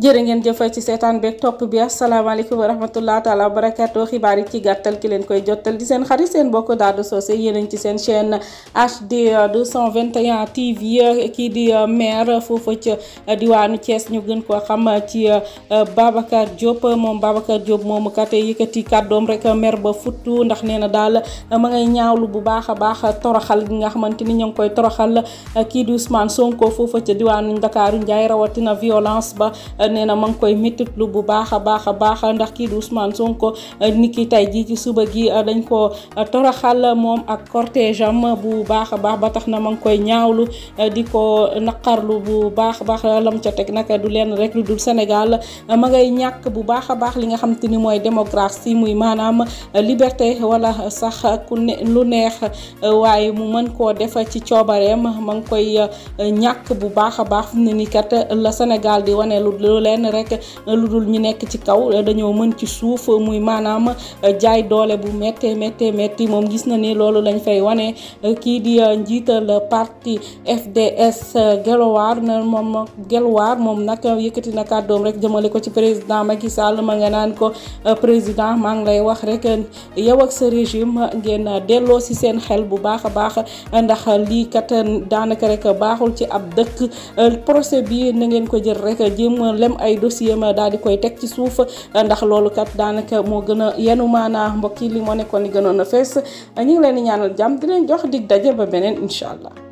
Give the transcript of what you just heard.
jërë ngeen jëfay ci setan bek top bi alaykum wa rahmatullahi taala wa barakatuh xibaar ci gattal ki len koy jotal di sen xarit sen bokk do sosé yeneen ci sen chaîne HD 221 TV ki di euh, maire fofu ci euh, diwanu Thiès ñu gën ko xam ci euh, Babacar Diop mom Babacar Diop mom katé yëkëti kaddom rek maire ba futtu ndax neena daal ma ngay ñaawlu bu baaxa baaxa toroxal gi nga xamanteni ni ngi koy toroxal ki di Ousmane Sonko ci diwanu dakar ñay rawati na violence ba nee na ma ngi koy méttitlu bu baax a baax a baax ndax kii di Ousmane Sonko eh, niki tey jii ci suba gi eh, dañ ko eh, toroxal moom ak cortège am bu baax a baax ba tax na ma ngi koy ñaawlu di ko naqarlu bu baax a baax lam ca teg nag du leen rek lu dul Sénégal ma ngay ñàkk bu baax a baax li nga xam te ni mooy démocratie muy maanaam liberté walla sax ku ne lu neex waaye mu mën koo def ci coobareem ma ngi koy ñàkk bu baax a baax fu mu kat la Sénégal di wane lu du lenn rek eh, lu dul ñi nekk ci kaw eh, dañoo mën ci suuf eh, muy maanaam jaay doole bu métte métte metti moom gis na ni loolu lañ fay wane kii di njiital parti fds gelwaar na moom gelwaar moom nag yëkkati na kàddoom rek jëmale ko ci président Macky Sall ma nga naan ko président maa ngi lay wax rek yow ak sa régime ngeen delloo si seen xel bu baax a baax ndax lii kat daanaka rek baaxul ci ab dëkk procès bi na ngeen ko jël rek jéem mboolem ay dossier ma daal di koy teg ci suuf ndax loolu kat daanaka moo gën a yenu maanaa mbokk yi li moo nekkoon li gënoon a fees ñu ngi leen ñaanal jàmm di leen jox dig daje ba beneen incha allah.